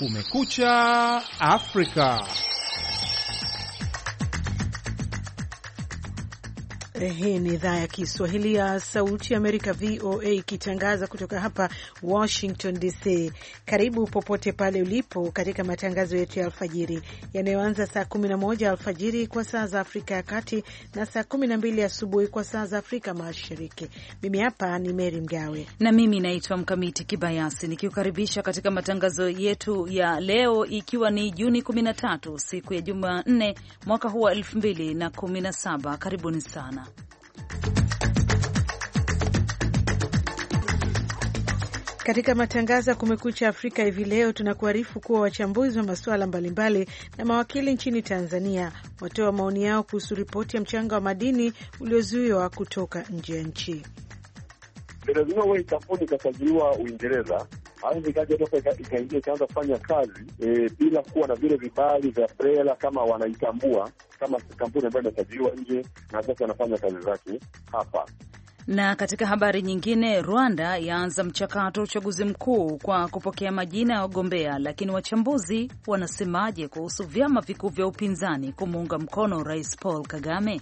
Kumekucha Afrika. Hii ni idhaa ya Kiswahili ya Sauti ya Amerika, VOA, ikitangaza kutoka hapa Washington DC. Karibu popote pale ulipo katika matangazo yetu ya alfajiri yanayoanza saa 11 alfajiri kwa saa za Afrika ya Kati na saa 12 asubuhi kwa saa za Afrika Mashariki. Mimi hapa ni Meri Mgawe na mimi naitwa Mkamiti Kibayasi, nikiukaribisha katika matangazo yetu ya leo, ikiwa ni Juni 13 siku ya Jumanne mwaka huu wa 2017. Karibuni sana katika matangazo ya Kumekucha Afrika hivi leo tunakuarifu kuwa wachambuzi wa masuala mbalimbali na mawakili nchini Tanzania watoa maoni yao kuhusu ripoti ya mchanga wa madini uliozuiwa kutoka nje ya nchi. Lazima uwe kampuni ikasajiliwa Uingereza haiwezi kaja toka ikaingia ikaanza kufanya kazi e, bila kuwa na vile vibali vya BRELA kama wanaitambua kama kampuni ambayo imesajiliwa nje na sasa anafanya kazi zake hapa. Na katika habari nyingine, Rwanda yaanza mchakato wa uchaguzi mkuu kwa kupokea majina ya wagombea, lakini wachambuzi wanasemaje kuhusu vyama vikuu vya upinzani kumuunga mkono Rais Paul Kagame?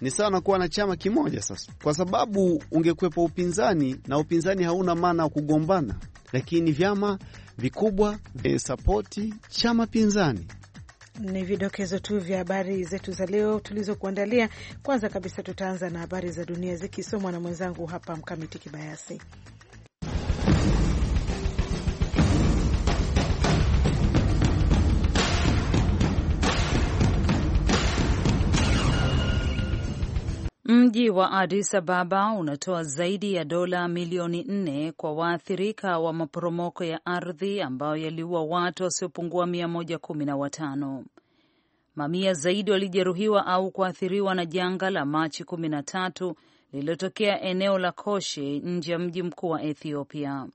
ni sawa na kuwa na chama kimoja sasa, kwa sababu ungekwepa upinzani na upinzani hauna maana ya kugombana, lakini vyama vikubwa visapoti chama pinzani. Ni vidokezo tu vya habari zetu za leo tulizokuandalia. Kwanza kabisa, tutaanza na habari za dunia zikisomwa na mwenzangu hapa Mkamiti Kibayasi. Mji wa Addis Ababa unatoa zaidi ya dola milioni nne kwa waathirika wa maporomoko ya ardhi ambayo yaliua watu wasiopungua mia moja kumi na watano. Mamia zaidi walijeruhiwa au kuathiriwa na janga la Machi kumi na tatu lililotokea eneo la Koshe nje ya mji mkuu wa Ethiopia.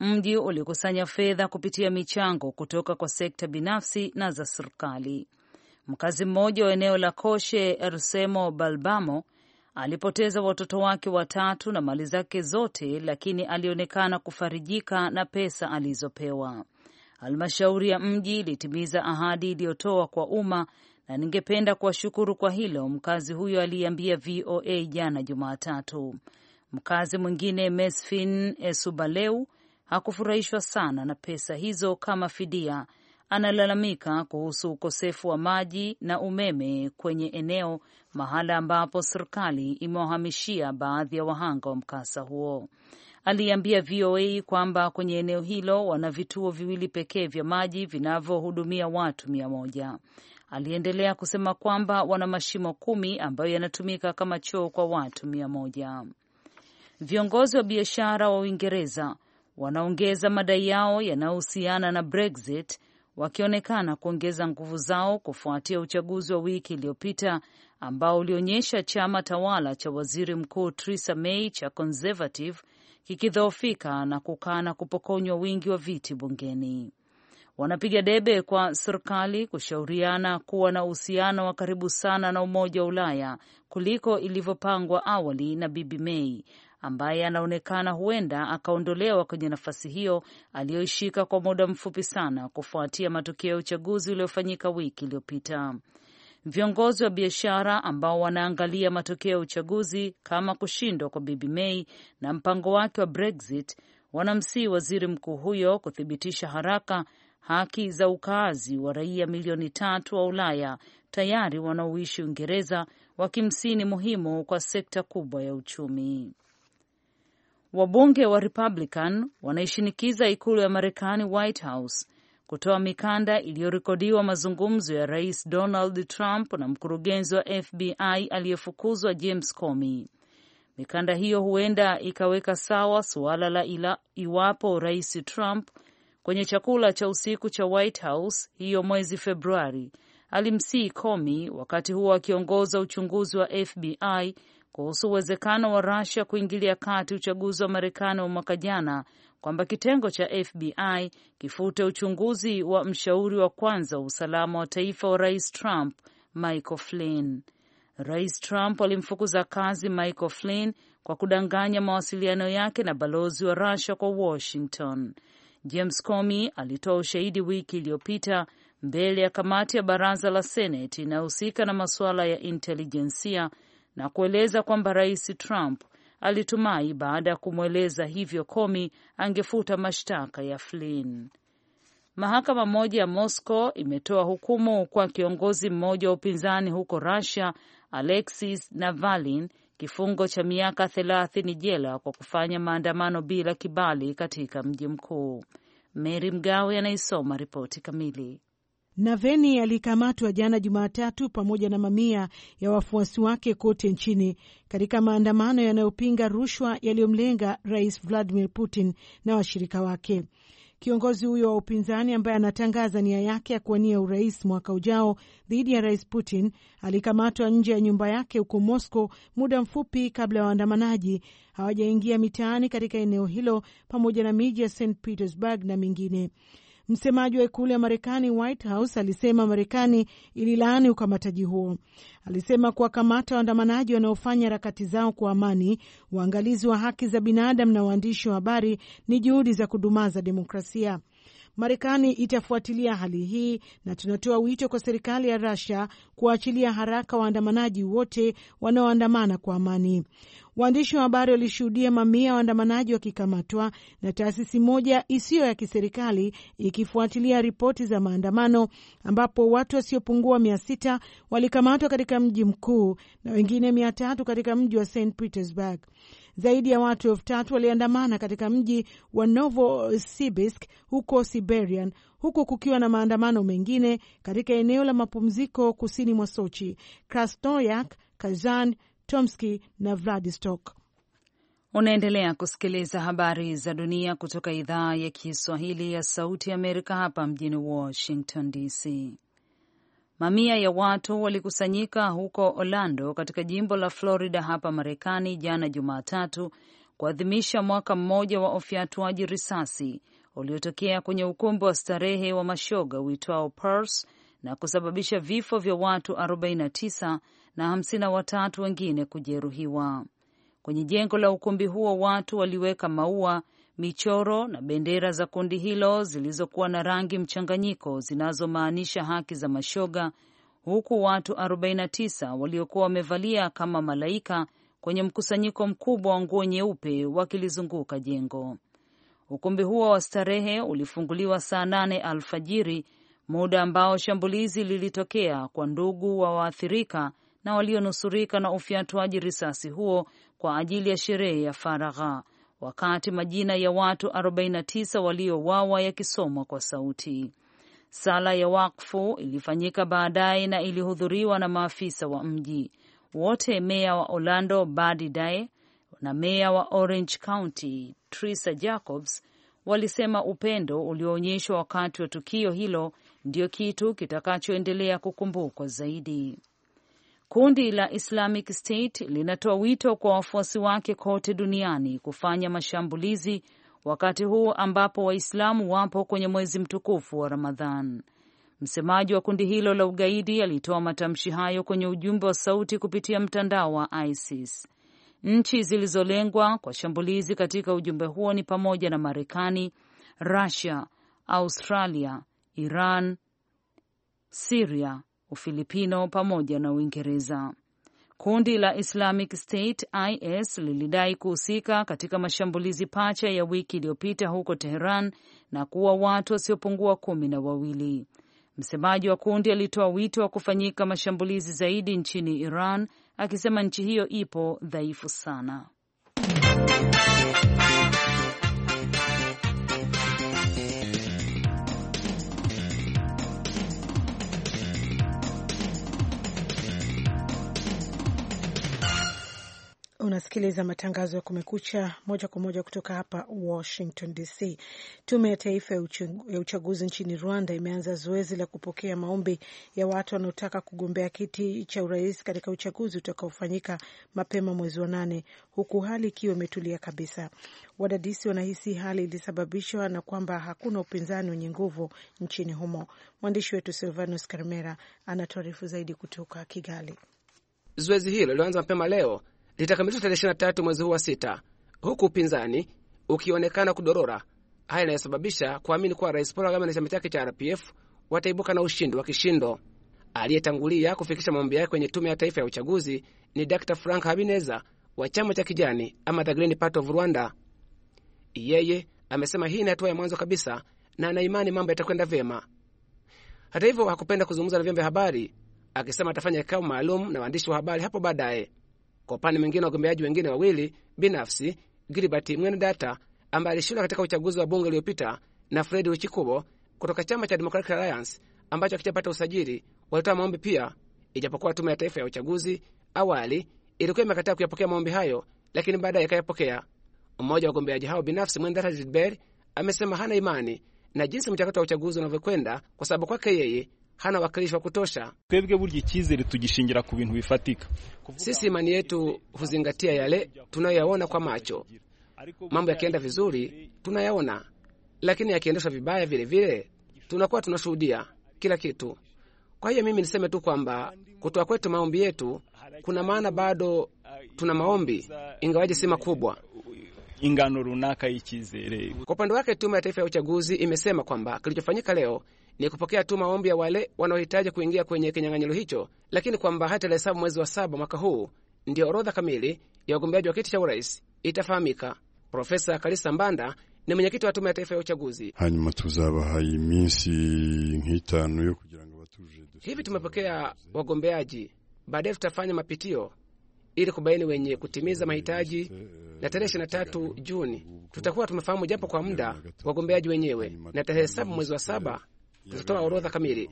Mji ulikusanya fedha kupitia michango kutoka kwa sekta binafsi na za serikali. Mkazi mmoja wa eneo la Koshe, Ersemo Balbamo, Alipoteza watoto wake watatu na mali zake zote, lakini alionekana kufarijika na pesa alizopewa. Halmashauri ya mji ilitimiza ahadi iliyotoa kwa umma na ningependa kuwashukuru kwa hilo, mkazi huyo aliambia VOA jana Jumatatu. Mkazi mwingine Mesfin Esubaleu hakufurahishwa sana na pesa hizo kama fidia, analalamika kuhusu ukosefu wa maji na umeme kwenye eneo mahala ambapo serikali imewahamishia baadhi ya wahanga wa mkasa huo. Aliambia VOA kwamba kwenye eneo hilo wana vituo viwili pekee vya maji vinavyohudumia watu mia moja. Aliendelea kusema kwamba wana mashimo kumi ambayo yanatumika kama choo kwa watu mia moja. Viongozi wa biashara wa Uingereza wanaongeza madai yao yanayohusiana na Brexit wakionekana kuongeza nguvu zao kufuatia uchaguzi wa wiki iliyopita ambao ulionyesha chama tawala cha waziri mkuu Theresa May cha Conservative kikidhoofika na kukana kupokonywa wingi wa viti bungeni. Wanapiga debe kwa serikali kushauriana kuwa na uhusiano wa karibu sana na Umoja wa Ulaya kuliko ilivyopangwa awali na Bibi May ambaye anaonekana huenda akaondolewa kwenye nafasi hiyo aliyoishika kwa muda mfupi sana kufuatia matokeo ya uchaguzi uliofanyika wiki iliyopita. Viongozi wa biashara ambao wanaangalia matokeo ya uchaguzi kama kushindwa kwa Bibi May na mpango wake wa Brexit wanamsii waziri mkuu huyo kuthibitisha haraka haki za ukaazi wa raia milioni tatu wa Ulaya tayari wanaoishi Uingereza, wakimsini muhimu kwa sekta kubwa ya uchumi. Wabunge wa Republican wanaishinikiza ikulu ya Marekani, White House, kutoa mikanda iliyorekodiwa mazungumzo ya Rais Donald Trump na mkurugenzi wa FBI aliyefukuzwa James Comey. Mikanda hiyo huenda ikaweka sawa suala la ila, iwapo Rais Trump kwenye chakula cha usiku cha White House hiyo mwezi Februari alimsii Comey wakati huo akiongoza uchunguzi wa FBI kuhusu uwezekano wa rusia kuingilia kati uchaguzi wa Marekani wa mwaka jana kwamba kitengo cha FBI kifute uchunguzi wa mshauri wa kwanza wa usalama wa taifa wa Rais Trump, Michael Flynn. Rais Trump alimfukuza kazi Michael Flynn kwa kudanganya mawasiliano yake na balozi wa rusia kwa Washington. James Comey alitoa ushahidi wiki iliyopita mbele ya kamati ya baraza la Seneti inayohusika na masuala ya intelijensia na kueleza kwamba Rais Trump alitumai baada ya kumweleza hivyo komi angefuta mashtaka ya Flynn. Mahakama moja ya Moscow imetoa hukumu kwa kiongozi mmoja wa upinzani huko Russia, Alexis navalin kifungo cha miaka thelathini jela kwa kufanya maandamano bila kibali katika mji mkuu. Mary Mgawe anaisoma ripoti kamili. Naveni alikamatwa jana Jumatatu pamoja na mamia ya wafuasi wake kote nchini katika maandamano yanayopinga rushwa yaliyomlenga Rais Vladimir Putin na washirika wake. Kiongozi huyo wa upinzani ambaye anatangaza nia yake ya kuwania urais mwaka ujao dhidi ya Rais Putin alikamatwa nje ya nyumba yake huko Moscow muda mfupi kabla ya waandamanaji hawajaingia mitaani katika eneo hilo pamoja na miji ya St Petersburg na mingine. Msemaji wa ikulu ya Marekani, White House, alisema Marekani ililaani ukamataji huo. Alisema kuwakamata waandamanaji wanaofanya harakati zao kwa amani, waangalizi wa haki za binadamu na waandishi wa habari ni juhudi za kudumaza demokrasia. Marekani itafuatilia hali hii na tunatoa wito kwa serikali ya Russia kuwaachilia haraka waandamanaji wote wanaoandamana kwa amani. Waandishi wa habari walishuhudia mamia ya waandamanaji wakikamatwa na taasisi moja isiyo ya kiserikali ikifuatilia ripoti za maandamano, ambapo watu wasiopungua mia sita walikamatwa katika mji mkuu na wengine mia tatu katika mji wa St Petersburg. Zaidi ya watu elfu tatu waliandamana katika mji wa Novosibirsk huko Siberian, huku kukiwa na maandamano mengine katika eneo la mapumziko kusini mwa Sochi, Krasnoyak, Kazan, Tomski na Vladistok. Unaendelea kusikiliza habari za dunia kutoka idhaa ya Kiswahili ya Sauti ya Amerika hapa mjini Washington DC. Mamia ya watu walikusanyika huko Orlando katika jimbo la Florida hapa Marekani jana Jumatatu kuadhimisha mwaka mmoja wa ufyatuaji risasi uliotokea kwenye ukumbi wa starehe wa mashoga uitwao Pulse na kusababisha vifo vya watu 49 na 53 wengine kujeruhiwa. Kwenye jengo la ukumbi huo watu waliweka maua michoro na bendera za kundi hilo zilizokuwa na rangi mchanganyiko zinazomaanisha haki za mashoga, huku watu 49 waliokuwa wamevalia kama malaika kwenye mkusanyiko mkubwa wa nguo nyeupe wakilizunguka jengo. Ukumbi huo wa starehe ulifunguliwa saa nane alfajiri, muda ambao shambulizi lilitokea kwa ndugu wa waathirika na walionusurika na ufyatuaji risasi huo kwa ajili ya sherehe ya faragha wakati majina ya watu 49 waliowawa yakisomwa kwa sauti. Sala ya wakfu ilifanyika baadaye na ilihudhuriwa na maafisa wa mji wote, meya wa Orlando badi dae na meya wa Orange County trisa Jacobs walisema upendo ulioonyeshwa wakati wa tukio hilo ndio kitu kitakachoendelea kukumbukwa zaidi. Kundi la Islamic State linatoa wito kwa wafuasi wake kote duniani kufanya mashambulizi wakati huu ambapo Waislamu wapo kwenye mwezi mtukufu wa Ramadhan. Msemaji wa kundi hilo la ugaidi alitoa matamshi hayo kwenye ujumbe wa sauti kupitia mtandao wa ISIS. Nchi zilizolengwa kwa shambulizi katika ujumbe huo ni pamoja na Marekani, Rusia, Australia, Iran, Siria, Ufilipino pamoja na Uingereza. Kundi la Islamic State IS lilidai kuhusika katika mashambulizi pacha ya wiki iliyopita huko Teheran na kuwa watu wasiopungua kumi na wawili. Msemaji wa kundi alitoa wito wa kufanyika mashambulizi zaidi nchini Iran akisema nchi hiyo ipo dhaifu sana. Unasikiliza matangazo ya Kumekucha moja kwa moja kutoka hapa Washington DC. Tume ya Taifa ya Uchaguzi nchini Rwanda imeanza zoezi la kupokea maombi ya watu wanaotaka kugombea kiti cha urais katika uchaguzi utakaofanyika mapema mwezi wa nane, huku hali ikiwa imetulia kabisa. Wadadisi wanahisi hali ilisababishwa na kwamba hakuna upinzani wenye nguvu nchini humo. Mwandishi wetu Silvanus Karmera anatuarifu zaidi kutoka Kigali. Zoezi hilo lilianza mapema leo litakamilishwa tarehe na tatu mwezi huu wa sita, huku upinzani ukionekana kudorora, haya inayosababisha kuamini kuwa rais Paul Kagame na chama chake cha RPF wataibuka na ushindi wa kishindo. Aliyetangulia kufikisha maombi yake kwenye tume ya taifa ya uchaguzi ni Dr Frank Habineza wa chama cha kijani ama the Green Party of Rwanda. Yeye amesema hii ni hatua ya mwanzo kabisa na anaimani mambo yatakwenda vyema. Hata hivyo, hakupenda kuzungumza na vyombo vya habari, akisema atafanya kikao maalum na waandishi wa habari hapo baadaye. Kwa upande mwingine, wagombeaji wengine wawili binafsi, Gilbert Mwenedata ambaye alishinda katika uchaguzi wa bunge uliopita na Fred Uchikubo kutoka chama cha Democratic Alliance ambacho hakijapata usajili, walitoa maombi pia, ijapokuwa Tume ya Taifa ya Uchaguzi awali ilikuwa imekataa kuyapokea maombi hayo, lakini baadaye ikayapokea. Mmoja wa wagombeaji hao binafsi Mwenedata Gilbert amesema hana imani na jinsi mchakato wa uchaguzi unavyokwenda, kwa sababu kwake yeye hana wakilishi wa kutosha. Twebwe burya icyizere tugishingira ku bintu bifatika. Sisi imani yetu huzingatia yale tunayoyaona kwa macho. Mambo yakienda vizuri tunayaona, lakini yakiendeshwa vibaya vilevile tunakuwa tunashuhudia kila kitu. Kwa hiyo mimi niseme tu kwamba kutoa kwetu maombi yetu kuna maana, bado tuna maombi ingawaje si makubwa ingano runaka y'icyizere. Kwa upande wake, Tume ya Taifa ya Uchaguzi imesema kwamba kilichofanyika leo ni kupokea tu maombi ya wale wanaohitaji kuingia kwenye kinyang'anyiro hicho, lakini kwamba hata tarehe saba mwezi wa saba mwaka huu ndio orodha kamili ya wagombeaji wa kiti cha urais itafahamika. Profesa Kalisa Mbanda ni mwenyekiti wa Tume ya Taifa ya Uchaguzi. hanyuma tuzabaha iminsi nk'itanu yo kugira ngo batuje. Hivi tumepokea wagombeaji, baadaye tutafanya mapitio ili kubaini wenye kutimiza mahitaji, na tarehe 23 Juni tutakuwa tumefahamu japo kwa muda wagombeaji wenyewe, na tarehe saba mwezi wa saba tutatoa orodha kamili.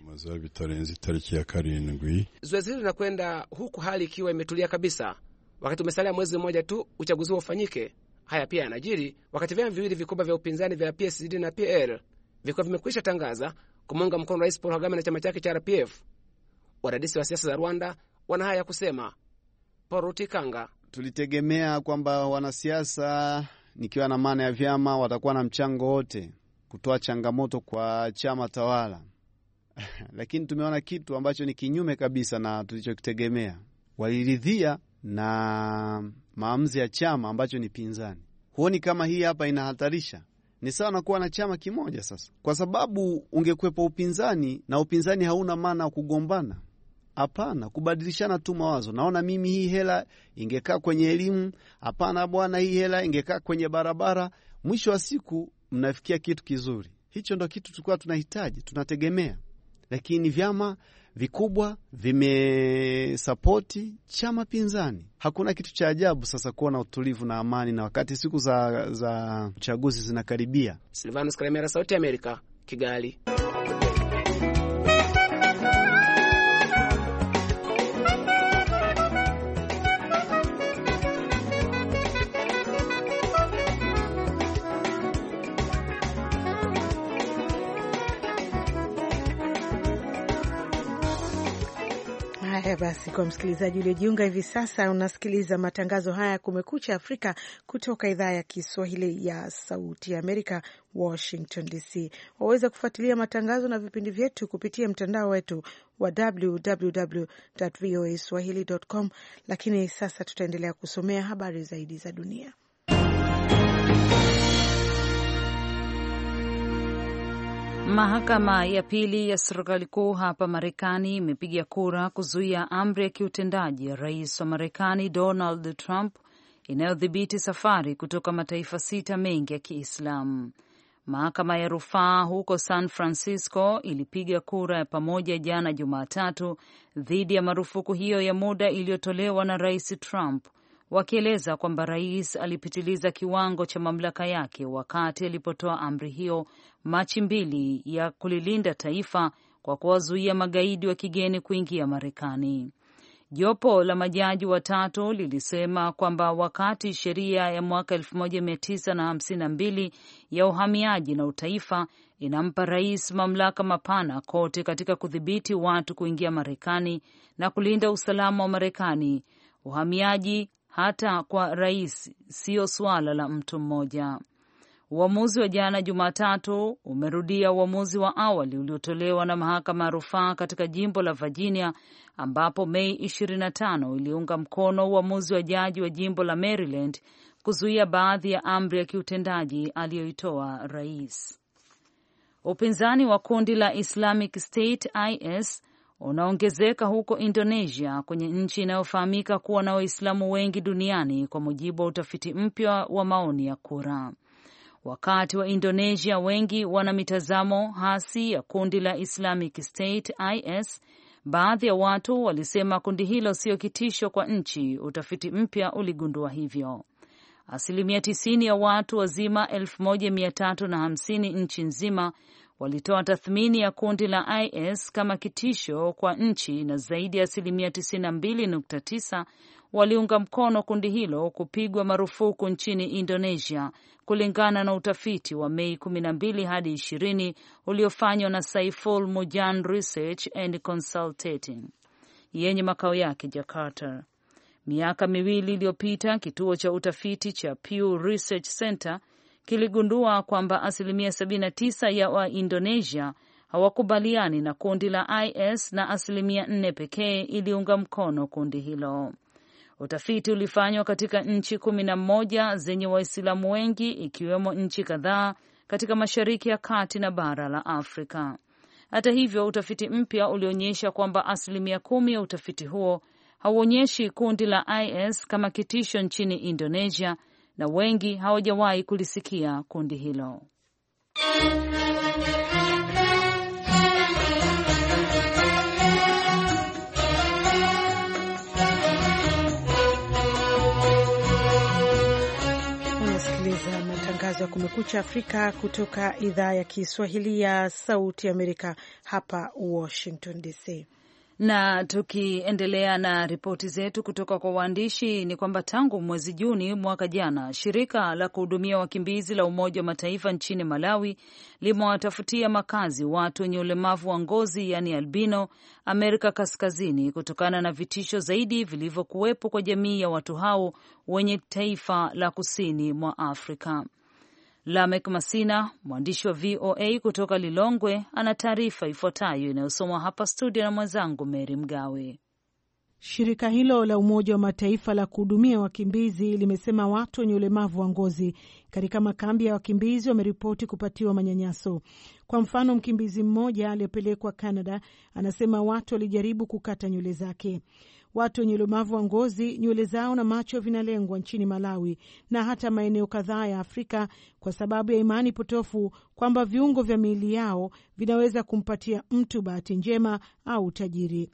Zoezi hili linakwenda huku hali ikiwa imetulia kabisa, wakati umesalia mwezi mmoja tu uchaguzi huo ufanyike. Haya pia yanajiri wakati vyama viwili vikubwa vya upinzani vya PSD na PL vilikuwa vimekwisha tangaza kumuunga mkono Rais Paul Kagame na chama chake cha RPF. Wadadisi wa siasa za Rwanda wana haya ya kusema Porutikanga. Tulitegemea kwamba wanasiasa, nikiwa na maana ya vyama, watakuwa na mchango wote kutoa changamoto kwa chama tawala lakini tumeona kitu ambacho ni kinyume kabisa na tulichokitegemea. Waliridhia na maamuzi ya chama ambacho ni pinzani. Huoni kama hii hapa inahatarisha? Ni sawa na kuwa na chama kimoja sasa, kwa sababu ungekwepa upinzani na upinzani hauna maana ya kugombana. Hapana, kubadilishana tu mawazo. Naona mimi hii hela ingekaa kwenye elimu, hapana bwana, hii hela ingekaa kwenye barabara. Mwisho wa siku mnafikia kitu kizuri. Hicho ndo kitu tulikuwa tunahitaji, tunategemea, lakini vyama vikubwa vimesapoti chama pinzani. Hakuna kitu cha ajabu sasa kuona utulivu na amani, na wakati siku za za uchaguzi zinakaribia. Silvanus Karemera, Sauti ya Amerika, Kigali. Haya basi, kwa msikilizaji uliojiunga hivi sasa, unasikiliza matangazo haya ya Kumekucha Afrika kutoka idhaa ya Kiswahili ya Sauti ya Amerika, Washington DC. Waweza kufuatilia matangazo na vipindi vyetu kupitia mtandao wetu wa www voa swahili com, lakini sasa tutaendelea kusomea habari zaidi za dunia. Mahakama ya pili ya serikali kuu hapa Marekani imepiga kura kuzuia amri ya kiutendaji ya rais wa Marekani Donald Trump inayodhibiti safari kutoka mataifa sita mengi ya Kiislamu. Mahakama ya rufaa huko San Francisco ilipiga kura ya pamoja jana Jumatatu dhidi ya marufuku hiyo ya muda iliyotolewa na rais Trump wakieleza kwamba rais alipitiliza kiwango cha mamlaka yake wakati alipotoa amri hiyo Machi mbili ya kulilinda taifa kwa kuwazuia magaidi wa kigeni kuingia Marekani. Jopo la majaji watatu lilisema kwamba wakati sheria ya mwaka 1952 ya uhamiaji na utaifa inampa rais mamlaka mapana kote katika kudhibiti watu kuingia Marekani na kulinda usalama wa Marekani, uhamiaji hata kwa rais, siyo suala la mtu mmoja. Uamuzi wa jana Jumatatu umerudia uamuzi wa awali uliotolewa na mahakama ya rufaa katika jimbo la Virginia, ambapo Mei 25 iliunga mkono uamuzi wa jaji wa jimbo la Maryland kuzuia baadhi ya amri ya kiutendaji aliyoitoa rais. Upinzani wa kundi la Islamic State IS unaongezeka huko Indonesia, kwenye nchi inayofahamika kuwa na Waislamu wengi duniani, kwa mujibu wa utafiti mpya wa maoni ya kura. Wakati wa Indonesia wengi wana mitazamo hasi ya kundi la Islamic State IS. Baadhi ya watu walisema kundi hilo sio kitisho kwa nchi. Utafiti mpya uligundua hivyo. Asilimia 90 ya watu wazima 1350 nchi nzima walitoa tathmini ya kundi la IS kama kitisho kwa nchi na zaidi ya asilimia 92.9 waliunga mkono kundi hilo kupigwa marufuku nchini Indonesia, kulingana na utafiti wa Mei 12 hadi 20 uliofanywa na Saiful Mujan Research and Consulting yenye makao yake Jakarta. Miaka miwili iliyopita, kituo cha utafiti cha Pew Research Center kiligundua kwamba asilimia 79 ya Waindonesia hawakubaliani na kundi la IS na asilimia 4 pekee iliunga mkono kundi hilo. Utafiti ulifanywa katika nchi kumi na moja zenye Waislamu wengi ikiwemo nchi kadhaa katika Mashariki ya Kati na bara la Afrika. Hata hivyo, utafiti mpya ulionyesha kwamba asilimia kumi ya utafiti huo hauonyeshi kundi la IS kama kitisho nchini Indonesia na wengi hawajawahi kulisikia kundi hilo. Unasikiliza matangazo ya Kumekucha Afrika kutoka idhaa ya Kiswahili ya Sauti Amerika, hapa Washington DC. Na tukiendelea na ripoti zetu kutoka kwa waandishi ni kwamba tangu mwezi Juni mwaka jana, shirika la kuhudumia wakimbizi la Umoja wa Mataifa nchini Malawi limewatafutia makazi watu wenye ulemavu wa ngozi, yaani albino, Amerika Kaskazini, kutokana na vitisho zaidi vilivyokuwepo kwa jamii ya watu hao wenye taifa la kusini mwa Afrika. Lamek Masina, mwandishi wa VOA kutoka Lilongwe, ana taarifa ifuatayo inayosomwa hapa studio na mwenzangu Meri Mgawe. Shirika hilo la Umoja wa Mataifa la kuhudumia wakimbizi limesema watu wenye ulemavu wa ngozi katika makambi ya wakimbizi wameripoti kupatiwa manyanyaso. Kwa mfano, mkimbizi mmoja aliyepelekwa Canada anasema watu walijaribu kukata nywele zake. Watu wenye ulemavu wa ngozi, nywele zao na macho vinalengwa nchini Malawi na hata maeneo kadhaa ya Afrika kwa sababu ya imani potofu kwamba viungo vya miili yao vinaweza kumpatia mtu bahati njema au utajiri.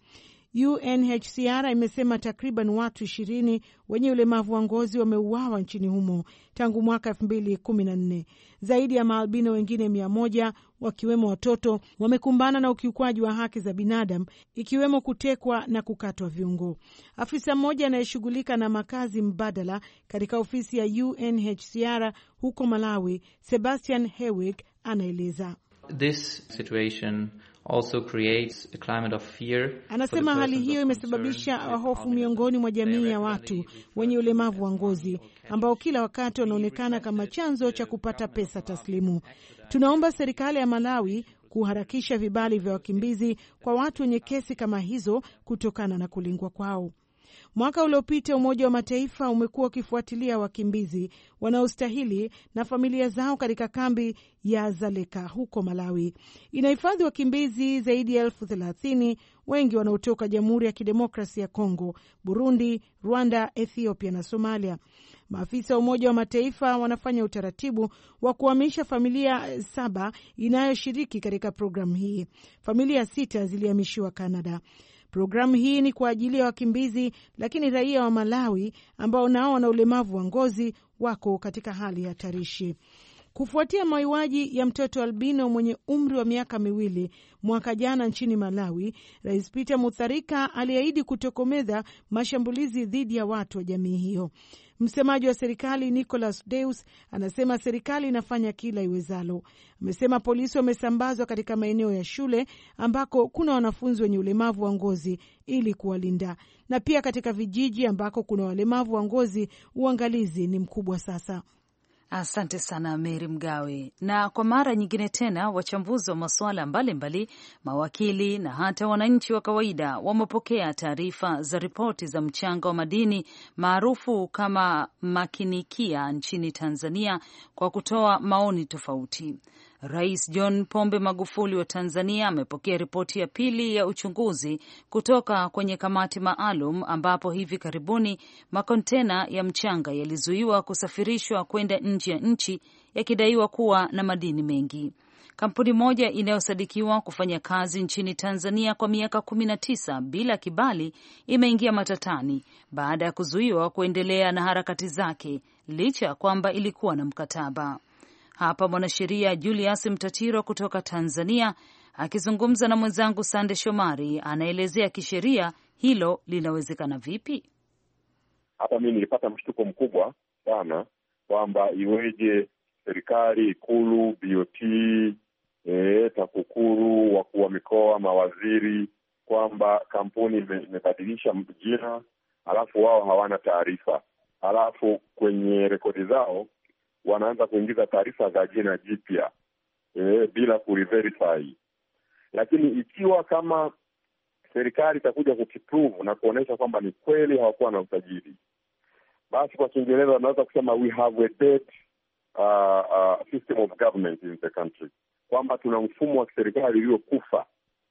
UNHCR imesema takriban watu ishirini wenye ulemavu wa ngozi wameuawa nchini humo tangu mwaka elfu mbili kumi na nne. Zaidi ya maalbino wengine mia moja wakiwemo watoto wamekumbana na ukiukwaji wa haki za binadamu ikiwemo kutekwa na kukatwa viungo. Afisa mmoja anayeshughulika na makazi mbadala katika ofisi ya UNHCR huko Malawi, Sebastian Hewig anaeleza This situation Also creates a climate of fear. Anasema hali hiyo imesababisha hofu miongoni mwa jamii ya watu wenye ulemavu wa ngozi ambao kila wakati wanaonekana kama chanzo cha kupata pesa taslimu. Tunaomba serikali ya Malawi kuharakisha vibali vya wakimbizi kwa watu wenye kesi kama hizo kutokana na kulingwa kwao. Mwaka uliopita Umoja wa Mataifa umekuwa ukifuatilia wakimbizi wanaostahili na familia zao katika kambi ya Zaleka huko Malawi. Inahifadhi wakimbizi zaidi ya elfu thelathini, wengi wanaotoka Jamhuri ya Kidemokrasi ya Kongo, Burundi, Rwanda, Ethiopia na Somalia. Maafisa wa Umoja wa Mataifa wanafanya utaratibu wa kuhamisha familia saba inayoshiriki katika programu hii. Familia sita zilihamishiwa Kanada. Programu hii ni kwa ajili ya wakimbizi, lakini raia wa Malawi ambao nao wana ulemavu wa ngozi wako katika hali hatarishi. Kufuatia mauaji ya mtoto albino mwenye umri wa miaka miwili mwaka jana nchini Malawi, Rais Peter Mutharika aliahidi kutokomeza mashambulizi dhidi ya watu wa jamii hiyo. Msemaji wa serikali Nicholas Deus anasema serikali inafanya kila iwezalo. Amesema polisi wamesambazwa katika maeneo ya shule ambako kuna wanafunzi wenye ulemavu wa ngozi ili kuwalinda, na pia katika vijiji ambako kuna walemavu wa ngozi uangalizi ni mkubwa. Sasa Asante sana Meri Mgawe. Na kwa mara nyingine tena, wachambuzi wa masuala mbalimbali, mawakili na hata wananchi wa kawaida wamepokea taarifa za ripoti za mchanga wa madini maarufu kama makinikia nchini Tanzania kwa kutoa maoni tofauti. Rais John Pombe Magufuli wa Tanzania amepokea ripoti ya pili ya uchunguzi kutoka kwenye kamati maalum ambapo hivi karibuni makontena ya mchanga yalizuiwa kusafirishwa kwenda nje ya nchi yakidaiwa kuwa na madini mengi. Kampuni moja inayosadikiwa kufanya kazi nchini Tanzania kwa miaka kumi na tisa bila kibali imeingia matatani baada ya kuzuiwa kuendelea na harakati zake licha ya kwamba ilikuwa na mkataba. Hapa mwanasheria Julius Mtatiro kutoka Tanzania akizungumza na mwenzangu Sande Shomari anaelezea kisheria hilo linawezekana vipi. Hapa mi nilipata mshtuko mkubwa sana kwamba iweje serikali, Ikulu, BOT, e, TAKUKURU, wakuu wa mikoa, mawaziri, kwamba kampuni imebadilisha jina alafu wao hawana taarifa, alafu kwenye rekodi zao wanaanza kuingiza taarifa za jina jipya e, bila kuliverify. Lakini ikiwa kama serikali itakuja kukiprove na kuonyesha kwamba ni kweli hawakuwa na usajili, basi kwa Kiingereza wanaweza kusema we have a dead, uh, uh, system of government in the country, kwamba tuna mfumo wa kiserikali uliokufa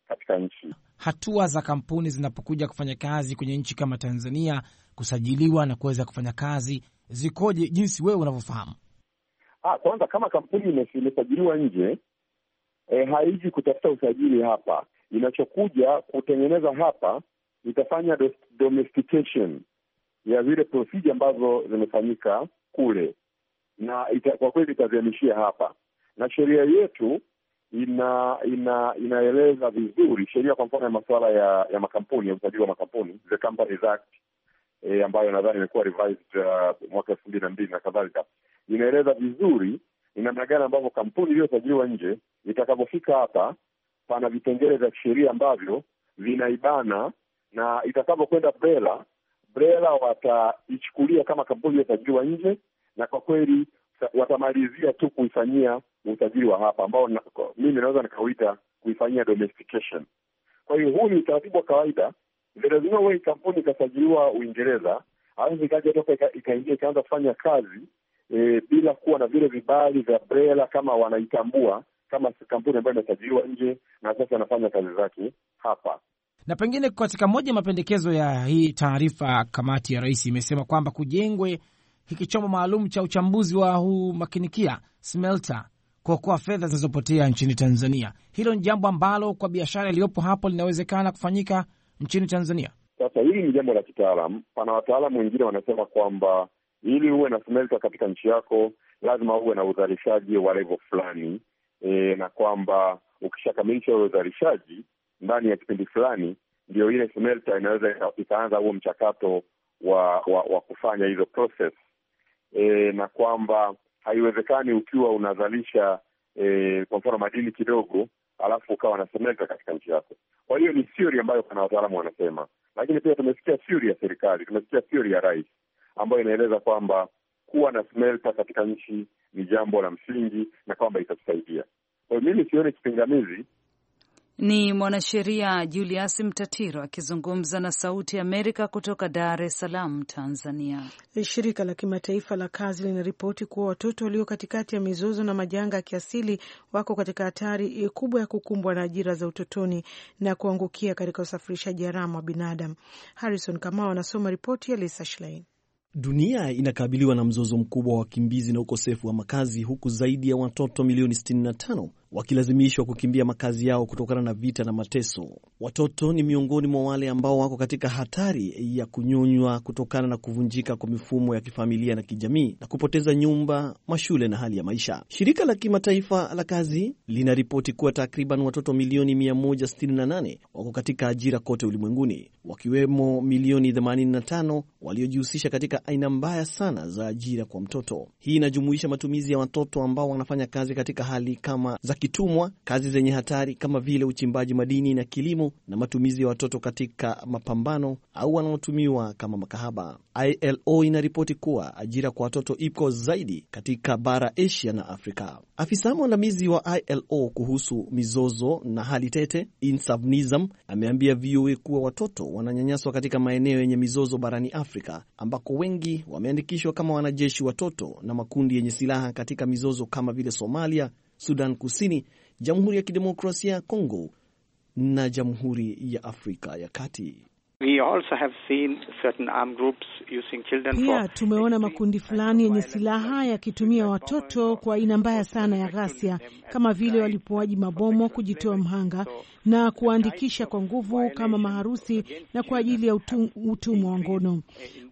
katika nchi. Hatua za kampuni zinapokuja kufanya kazi kwenye nchi kama Tanzania, kusajiliwa na kuweza kufanya kazi zikoje, jinsi wewe unavyofahamu? Ah, kwanza kama kampuni imesajiliwa nje e, haiji kutafuta usajili hapa. Inachokuja kutengeneza hapa itafanya domestication ya zile procedure ambazo zimefanyika kule, na ita, kwa kweli itaziamishia hapa, na sheria yetu ina, ina inaeleza vizuri sheria, kwa mfano ya masuala ya, ya makampuni ya usajili wa makampuni the Companies Act e, ambayo nadhani imekuwa revised uh, mwaka elfu mbili na mbili na kadhalika inaeleza vizuri ni namna gani ambavyo kampuni iliyosajiliwa nje itakavyofika hapa. Pana vipengele vya kisheria ambavyo vinaibana, na itakavyokwenda BRELA, BRELA wataichukulia kama kampuni iliyosajiliwa nje, na kwa kweli watamalizia tu kuifanyia usajili wa hapa ambao mimi naweza nikauita kuifanyia domestication. Kwa hiyo huu ni utaratibu wa kawaida. There is no way kampuni ikasajiliwa Uingereza alafu ikaja toka ikaingia ikaanza kufanya kazi e, bila kuwa na vile vibali vya BRELA kama wanaitambua kama kampuni ambayo inasajiliwa nje na sasa anafanya kazi zake hapa. Na pengine katika moja mapendekezo ya hii taarifa, kamati ya rais imesema kwamba kujengwe hiki chombo maalum cha uchambuzi wa huu makinikia smelta kuokoa fedha zinazopotea nchini Tanzania. Hilo ni jambo ambalo kwa biashara iliyopo hapo linawezekana kufanyika nchini Tanzania. Sasa hili ni jambo la kitaalam. Pana wataalamu wengine wanasema kwamba ili uwe na smelta katika nchi yako lazima uwe na uzalishaji wa levo fulani e, na kwamba ukishakamilisha ule uzalishaji ndani ya kipindi fulani, ndio ile smelta inaweza ikaanza huo mchakato wa, wa wa kufanya hizo process e, na kwamba haiwezekani ukiwa unazalisha e, kwa mfano madini kidogo alafu ukawa na smelta katika nchi yako. Kwa hiyo ni theory ambayo kana wataalamu wanasema, lakini pia tumesikia theory ya serikali, tumesikia theory ya rais ambayo inaeleza kwamba kuwa na smelta katika nchi ni jambo la msingi na kwamba itatusaidia. Kwa hiyo mimi sioni kipingamizi. Ni mwanasheria Julius Mtatiro akizungumza na Sauti ya Amerika kutoka Dar es Salaam, Tanzania. Shirika la kimataifa la kazi linaripoti kuwa watoto walio katikati ya mizozo na majanga ya kiasili wako katika hatari kubwa ya kukumbwa na ajira za utotoni na kuangukia katika usafirishaji haramu wa binadamu. Harrison Kamau anasoma ripoti ya Lisa Shlein. Dunia inakabiliwa na mzozo mkubwa wa wakimbizi na ukosefu wa makazi, huku zaidi ya watoto milioni 65 wakilazimishwa kukimbia makazi yao kutokana na vita na mateso. Watoto ni miongoni mwa wale ambao wako katika hatari ya kunyonywa kutokana na kuvunjika kwa mifumo ya kifamilia na kijamii na kupoteza nyumba, mashule na hali ya maisha. Shirika la kimataifa la kazi linaripoti kuwa takriban watoto milioni 168 wako katika ajira kote ulimwenguni, wakiwemo milioni 85 waliojihusisha katika aina mbaya sana za ajira kwa mtoto. Hii inajumuisha matumizi ya watoto ambao wanafanya kazi katika hali kama za akitumwa kazi zenye hatari kama vile uchimbaji madini na kilimo na matumizi ya watoto katika mapambano au wanaotumiwa kama makahaba. ILO inaripoti kuwa ajira kwa watoto ipo zaidi katika bara Asia na Afrika. Afisa mwandamizi wa ILO kuhusu mizozo na hali tete Insavnism ameambia VOA kuwa watoto wananyanyaswa katika maeneo yenye mizozo barani Afrika ambako wengi wameandikishwa kama wanajeshi watoto na makundi yenye silaha katika mizozo kama vile Somalia, Sudan Kusini, Jamhuri ya Kidemokrasia ya Kongo na Jamhuri ya Afrika ya Kati. Pia tumeona makundi fulani yenye silaha yakitumia watoto kwa aina mbaya sana ya ghasia, kama vile walipoaji mabomo, kujitoa mhanga na kuwaandikisha kwa nguvu kama maharusi na kwa ajili ya utumwa wa ngono.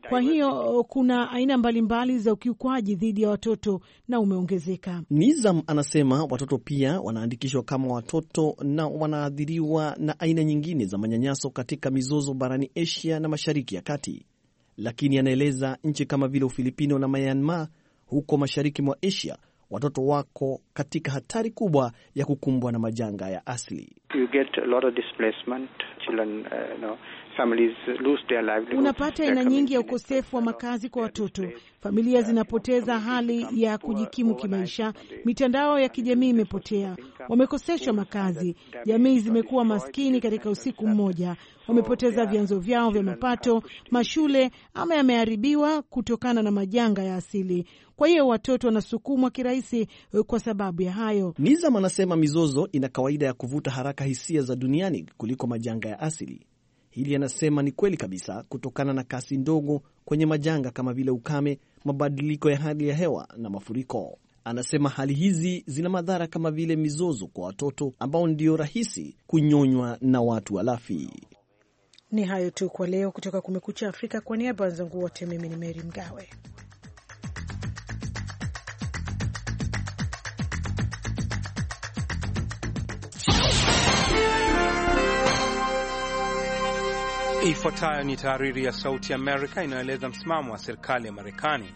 Kwa hiyo kuna aina mbalimbali za ukiukwaji dhidi ya watoto na umeongezeka. Nizam anasema watoto pia wanaandikishwa kama watoto na wanaathiriwa na aina nyingine za manyanyaso katika mizozo barani Asia na Mashariki ya Kati, lakini anaeleza nchi kama vile Ufilipino na Myanmar huko mashariki mwa Asia watoto wako katika hatari kubwa ya kukumbwa na majanga ya asili. You get a lot of displacement, children, uh, families lose their livelihood. Unapata aina nyingi ya ukosefu wa makazi kwa watoto, familia uh, zinapoteza hali ya kujikimu kimaisha, mitandao ya kijamii imepotea, wamekoseshwa makazi, jamii zimekuwa maskini katika usiku mmoja, wamepoteza vyanzo vyao vya mapato, uh, mashule ama yameharibiwa kutokana na majanga ya asili. Kwa hiyo watoto wanasukumwa kirahisi uh, kwa sababu ya hayo. Nizam anasema mizozo ina kawaida ya kuvuta haraka hisia za duniani kuliko majanga ya asili. Hili anasema ni kweli kabisa kutokana na kasi ndogo kwenye majanga kama vile ukame, mabadiliko ya hali ya hewa na mafuriko. Anasema hali hizi zina madhara kama vile mizozo kwa watoto ambao ndio rahisi kunyonywa na watu walafi. Ni hayo tu kwa leo kutoka Kumekucha Afrika. Kwa niaba ya wenzangu wote, mimi ni Meri Mgawe. Ifuatayo ni tahariri ya Sauti Amerika inayoeleza msimamo wa serikali ya Marekani.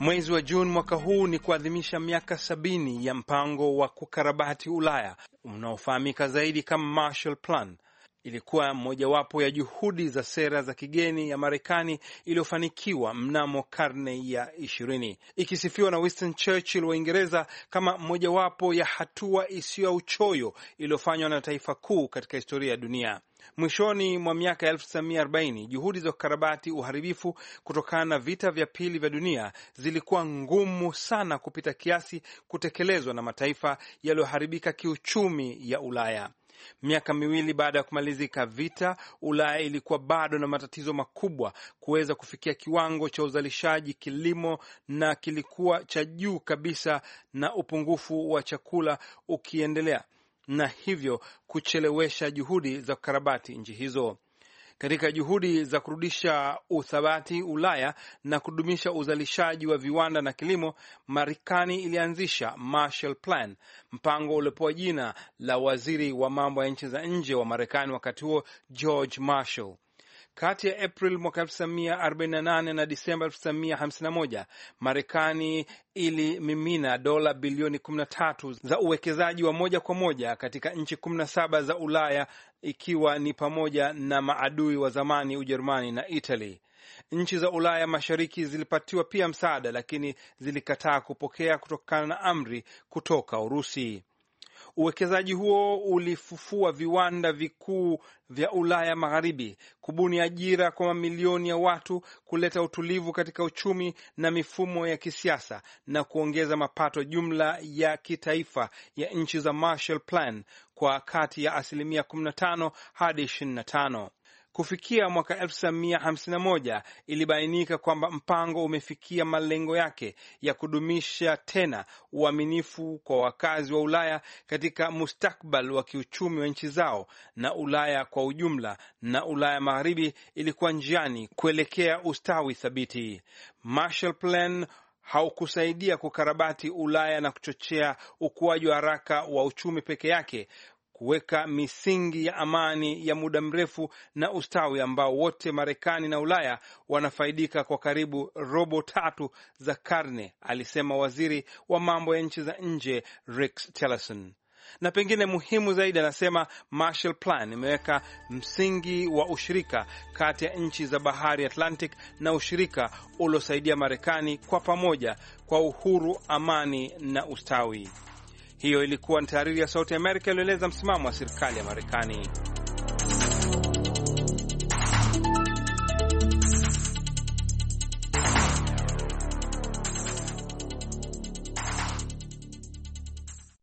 Mwezi wa Juni mwaka huu ni kuadhimisha miaka sabini ya mpango wa kukarabati Ulaya unaofahamika zaidi kama Marshall Plan. Ilikuwa mojawapo ya juhudi za sera za kigeni ya Marekani iliyofanikiwa mnamo karne ya ishirini, ikisifiwa na Winston Churchill wa Uingereza kama mojawapo ya hatua isiyo ya uchoyo iliyofanywa na taifa kuu katika historia ya dunia. Mwishoni mwa miaka 1940 juhudi za kukarabati uharibifu kutokana na vita vya pili vya dunia zilikuwa ngumu sana kupita kiasi kutekelezwa na mataifa yaliyoharibika kiuchumi ya Ulaya. Miaka miwili baada ya kumalizika vita, Ulaya ilikuwa bado na matatizo makubwa kuweza kufikia kiwango cha uzalishaji kilimo na kilikuwa cha juu kabisa, na upungufu wa chakula ukiendelea na hivyo kuchelewesha juhudi za kukarabati nchi hizo. Katika juhudi za kurudisha uthabati Ulaya na kudumisha uzalishaji wa viwanda na kilimo, Marekani ilianzisha Marshall Plan, mpango uliopewa jina la waziri wa mambo ya nchi za nje wa Marekani wakati huo George Marshall. Kati ya April mwaka 1948 na Disemba 1951 Marekani ilimimina dola bilioni 13 za uwekezaji wa moja kwa moja katika nchi 17 za Ulaya, ikiwa ni pamoja na maadui wa zamani Ujerumani na Italy. Nchi za Ulaya Mashariki zilipatiwa pia msaada, lakini zilikataa kupokea kutokana na amri kutoka Urusi. Uwekezaji huo ulifufua viwanda vikuu vya Ulaya Magharibi, kubuni ajira kwa mamilioni ya watu, kuleta utulivu katika uchumi na mifumo ya kisiasa, na kuongeza mapato jumla ya kitaifa ya nchi za Marshall Plan kwa kati ya asilimia 15 hadi 25. Kufikia mwaka 1951 ilibainika kwamba mpango umefikia malengo yake ya kudumisha tena uaminifu kwa wakazi wa Ulaya katika mustakbal wa kiuchumi wa nchi zao na Ulaya kwa ujumla, na Ulaya Magharibi ilikuwa njiani kuelekea ustawi thabiti. Marshall Plan haukusaidia kukarabati Ulaya na kuchochea ukuaji wa haraka wa uchumi peke yake, kuweka misingi ya amani ya muda mrefu na ustawi ambao wote Marekani na Ulaya wanafaidika kwa karibu robo tatu za karne, alisema waziri wa mambo ya nchi za nje Rex Tillerson. Na pengine muhimu zaidi, anasema Marshall Plan imeweka msingi wa ushirika kati ya nchi za bahari Atlantic na ushirika uliosaidia Marekani kwa pamoja kwa uhuru, amani na ustawi. Hiyo ilikuwa ni tahariri ya Sauti ya Amerika iliyoeleza msimamo wa serikali ya Marekani.